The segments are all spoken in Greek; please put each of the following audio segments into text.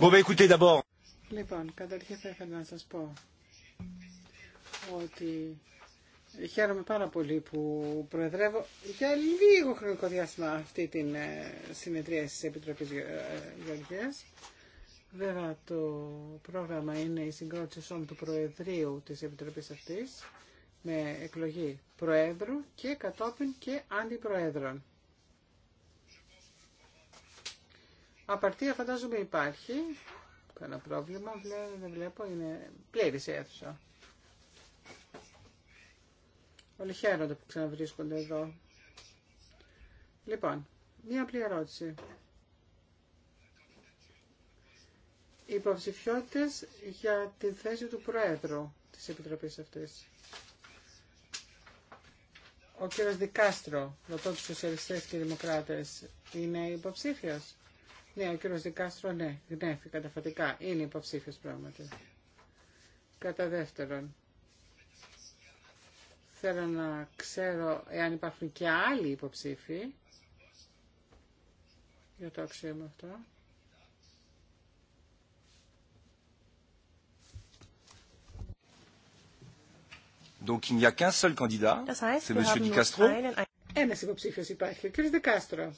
Λοιπόν, καταρχήν θα ήθελα να σας πω ότι χαίρομαι πάρα πολύ που προεδρεύω για λίγο χρονικό διάστημα αυτή την ε, συνεδρία της Επιτροπής ε, Γεωργίας. Βέβαια το πρόγραμμα είναι η συγκρότηση όλων του Προεδρείου της Επιτροπής αυτής με εκλογή Προέδρου και κατόπιν και Αντιπροέδρων. Απαρτία φαντάζομαι υπάρχει. Κανένα πρόβλημα, δεν βλέπω, είναι πλήρης η αίθουσα. Όλοι χαίρονται που ξαναβρίσκονται εδώ. Λοιπόν, μία απλή ερώτηση. Οι υποψηφιότητε για τη θέση του Προέδρου της Επιτροπής αυτής. Ο κύριος Δικάστρο, ρωτώ τους σοσιαλιστές και δημοκράτες, είναι υποψήφιος. Ναι, ο κύριος Δικάστρο, ναι, γνέφει καταφατικά. Είναι υποψήφιος πράγματι. Κατά δεύτερον, θέλω να ξέρω εάν υπάρχουν και άλλοι υποψήφοι για το αξίωμα αυτό. Donc il n'y a qu'un seul candidat, c'est M. υπάρχει, ο κύριος Δικάστρο.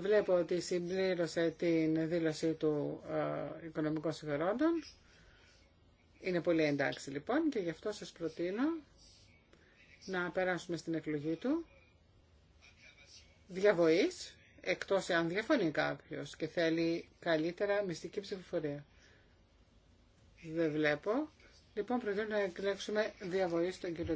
Βλέπω ότι συμπλήρωσε την δήλωσή του οικονομικών συμφερόντων. Είναι πολύ εντάξει λοιπόν και γι' αυτό σας προτείνω να περάσουμε στην εκλογή του διαβοής, εκτός αν διαφωνεί κάποιος και θέλει καλύτερα μυστική ψηφοφορία. Δεν βλέπω. Λοιπόν, προτείνω να εκλέξουμε διαβοή στον κύριο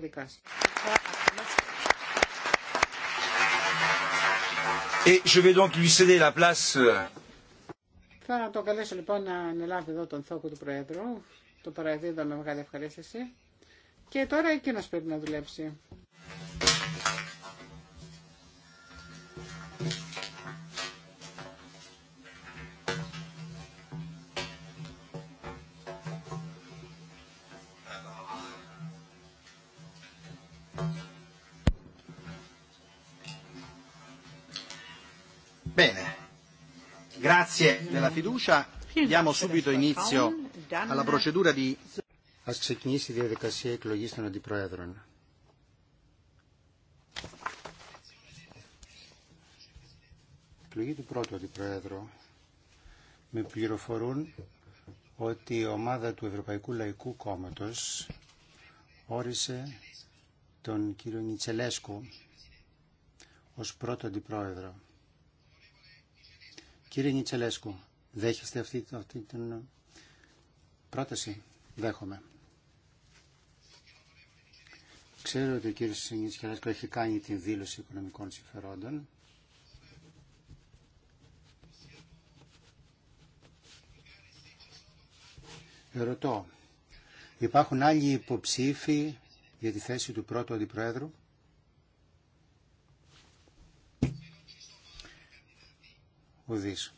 je vais donc lui céder la place. Euh, Θα τον καλέσω λοιπόν να ανελάβει εδώ τον θόκο του Προέδρου. Το παραδίδω με μεγάλη ευχαρίστηση. Και τώρα εκείνος πρέπει να δουλέψει. Bene, grazie della fiducia. Diamo subito inizio alla procedura di... ξεκινήσει η διαδικασία εκλογής των αντιπροέδρων. Εκλογή του πρώτου αντιπροέδρου. Με πληροφορούν ότι η ομάδα του Ευρωπαϊκού Λαϊκού Κόμματος όρισε τον κύριο Νιτσελέσκου ως πρώτο αντιπρόεδρο. Κύριε Νιτσελέσκου, δέχεστε αυτή, την ε, πρόταση. Δέχομαι. Ξέρω ότι ο κύριος Νιτσελέσκου έχει κάνει την δήλωση οικονομικών συμφερόντων. Ρωτώ, υπάρχουν άλλοι υποψήφοι για τη θέση του πρώτου αντιπρόεδρου. ουδής.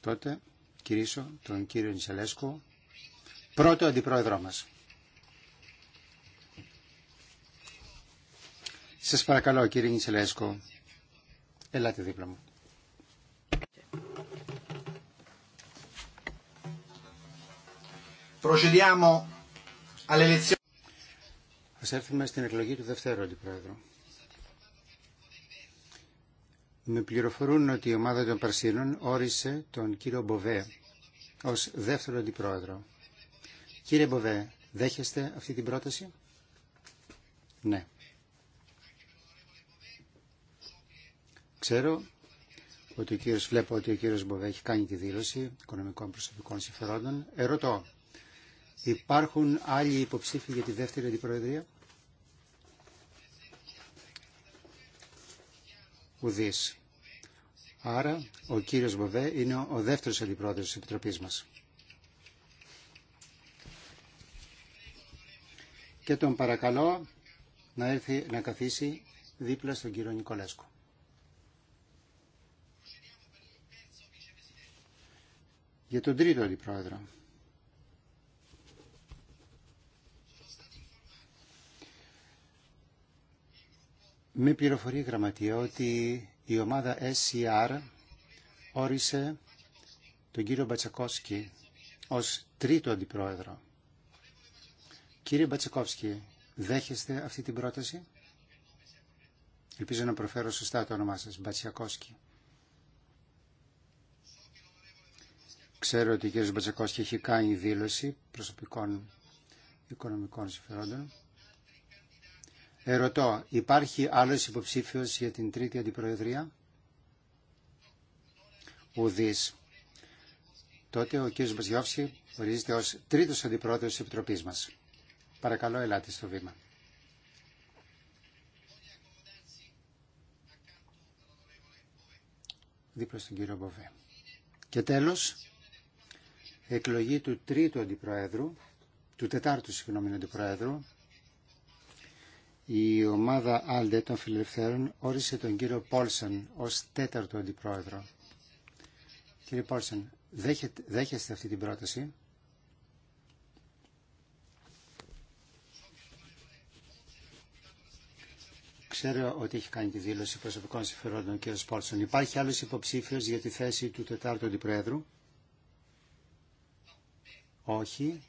Τότε κηρύσω τον κύριο Νισελέσκο πρώτο αντιπρόεδρό μας. Σας παρακαλώ κύριε Νισελέσκο, ελάτε δίπλα μου. Α Ας έρθουμε στην εκλογή του δευτέρου αντιπρόεδρου. Με πληροφορούν ότι η ομάδα των Παρσίνων όρισε τον κύριο Μποβέ ως δεύτερο αντιπρόεδρο. Κύριε Μποβέ, δέχεστε αυτή την πρόταση? Ναι. Ξέρω ότι ο κύριος, βλέπω ότι ο κύριος Μποβέ έχει κάνει τη δήλωση οικονομικών προσωπικών συμφερόντων. Ερωτώ, υπάρχουν άλλοι υποψήφοι για τη δεύτερη αντιπροεδρία? ουδής. Άρα ο κύριος Μποβέ είναι ο δεύτερος αντιπρόεδρος της Επιτροπής μας. Και τον παρακαλώ να έρθει να καθίσει δίπλα στον κύριο Νικολέσκο. Για τον τρίτο αντιπρόεδρο. Με πληροφορεί η γραμματεία ότι η ομάδα SCR όρισε τον κύριο Μπατσακόσκι ως τρίτο αντιπρόεδρο. Κύριε Μπατσακόσκι, δέχεστε αυτή την πρόταση? Ελπίζω να προφέρω σωστά το όνομά σας, Μπατσιακόσκι. Ξέρω ότι ο κύριος Μπατσακόσκι έχει κάνει δήλωση προσωπικών οικονομικών συμφερόντων Ερωτώ, υπάρχει άλλος υποψήφιος για την τρίτη αντιπροεδρία? Ουδής. Τότε ο κ. Μπασιόφσκι ορίζεται ως τρίτος αντιπρόεδρος της Επιτροπής μας. Παρακαλώ, ελάτε στο βήμα. Δίπλα στον κύριο Μποβέ. Και τέλος, εκλογή του τρίτου αντιπροέδρου, του τετάρτου συγγνώμη αντιπροέδρου, η ομάδα Άλντε των Φιλελευθέρων όρισε τον κύριο Πόλσον ως τέταρτο αντιπρόεδρο. Κύριε Πόλσον, δέχεστε αυτή την πρόταση. Ξέρω ότι έχει κάνει τη δήλωση προσωπικών συμφερόντων ο κ. Πόλσον. Υπάρχει άλλος υποψήφιος για τη θέση του τετάρτου αντιπρόεδρου. Όχι.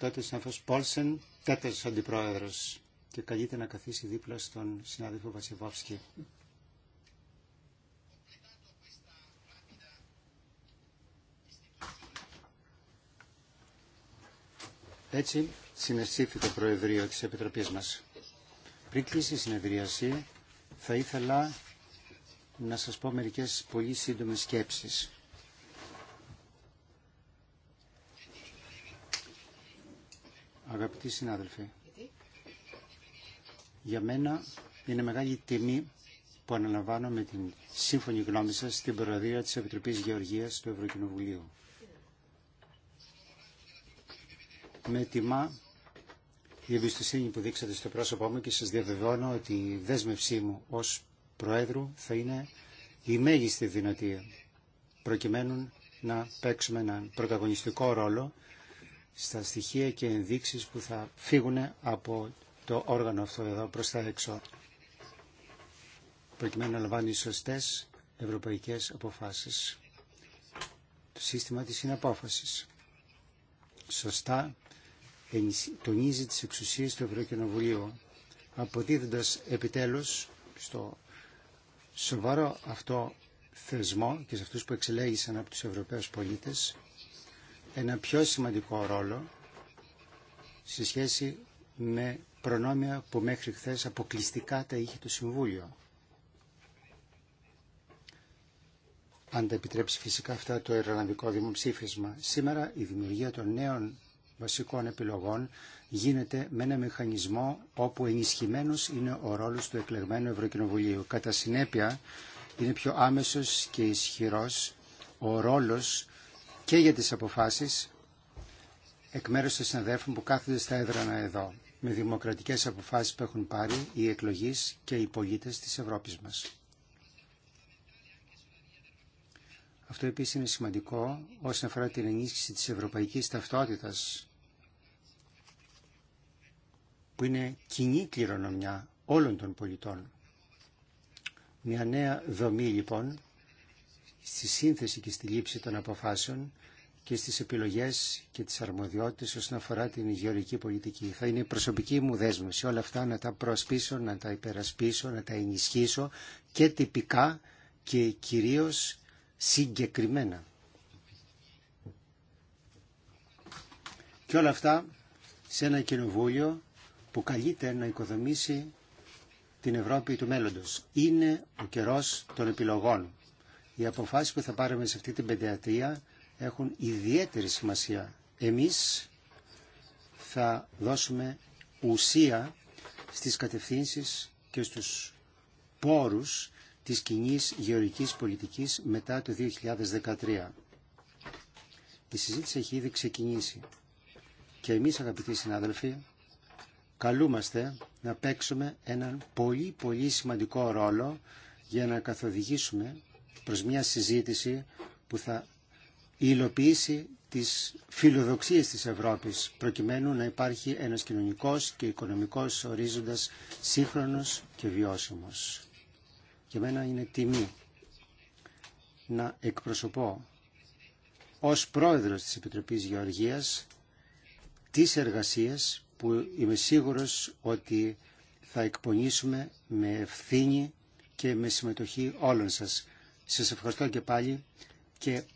τότε ο συνάδελφος Πόλσεν, τέταρτος αντιπρόεδρος και καλείται να καθίσει δίπλα στον συνάδελφο Βασιβόφσκι. Έτσι συνεσήφθη το Προεδρείο της Επιτροπής μας. Πριν κλείσει η συνεδρίαση, θα ήθελα να σας πω μερικές πολύ σύντομες σκέψεις. αγαπητοί συνάδελφοι. Για μένα είναι μεγάλη τιμή που αναλαμβάνω με την σύμφωνη γνώμη σας στην Προεδρία της Επιτροπής Γεωργίας του Ευρωκοινοβουλίου. Με τιμά η εμπιστοσύνη που δείξατε στο πρόσωπό μου και σας διαβεβαιώνω ότι η δέσμευσή μου ως Προέδρου θα είναι η μέγιστη δυνατή προκειμένου να παίξουμε έναν πρωταγωνιστικό ρόλο στα στοιχεία και ενδείξεις που θα φύγουν από το όργανο αυτό εδώ προς τα έξω προκειμένου να λαμβάνει σωστές ευρωπαϊκές αποφάσεις. Το σύστημα της συναπόφασης σωστά τονίζει τις εξουσίες του Ευρωκοινοβουλίου αποδίδοντας επιτέλους στο σοβαρό αυτό θεσμό και σε αυτούς που εξελέγησαν από τους Ευρωπαίους πολίτες ένα πιο σημαντικό ρόλο σε σχέση με προνόμια που μέχρι χθε αποκλειστικά τα είχε το Συμβούλιο. Αν τα επιτρέψει φυσικά αυτά το Ιρλανδικό Δημοψήφισμα. Σήμερα η δημιουργία των νέων βασικών επιλογών γίνεται με ένα μηχανισμό όπου ενισχυμένος είναι ο ρόλος του εκλεγμένου Ευρωκοινοβουλίου. Κατά συνέπεια είναι πιο άμεσος και ισχυρός ο ρόλος και για τις αποφάσεις εκ μέρους των συναδέλφων που κάθονται στα έδρανα εδώ, με δημοκρατικές αποφάσεις που έχουν πάρει οι εκλογείς και οι πολίτες της Ευρώπης μας. Αυτό επίσης είναι σημαντικό όσον αφορά την ενίσχυση της ευρωπαϊκής ταυτότητας, που είναι κοινή κληρονομιά όλων των πολιτών. Μια νέα δομή λοιπόν στη σύνθεση και στη λήψη των αποφάσεων και στις επιλογές και τις αρμοδιότητες όσον αφορά την υγειορική πολιτική. Θα είναι η προσωπική μου δέσμευση όλα αυτά να τα προσπίσω, να τα υπερασπίσω, να τα ενισχύσω και τυπικά και κυρίως συγκεκριμένα. Και όλα αυτά σε ένα κοινοβούλιο που καλείται να οικοδομήσει την Ευρώπη του μέλλοντος. Είναι ο καιρός των επιλογών. Οι αποφάσεις που θα πάρουμε σε αυτή την πενταετία έχουν ιδιαίτερη σημασία. Εμείς θα δώσουμε ουσία στις κατευθύνσεις και στους πόρους της κοινή γεωρικής πολιτικής μετά το 2013. Η συζήτηση έχει ήδη ξεκινήσει και εμείς αγαπητοί συνάδελφοι καλούμαστε να παίξουμε έναν πολύ πολύ σημαντικό ρόλο για να καθοδηγήσουμε προς μια συζήτηση που θα υλοποιήσει τις φιλοδοξίες της Ευρώπης προκειμένου να υπάρχει ένας κοινωνικός και οικονομικός ορίζοντας σύγχρονος και βιώσιμος. Για μένα είναι τιμή να εκπροσωπώ ως πρόεδρος της Επιτροπής Γεωργίας τις εργασίες που είμαι σίγουρος ότι θα εκπονήσουμε με ευθύνη και με συμμετοχή όλων σας. Σας ευχαριστώ και πάλι και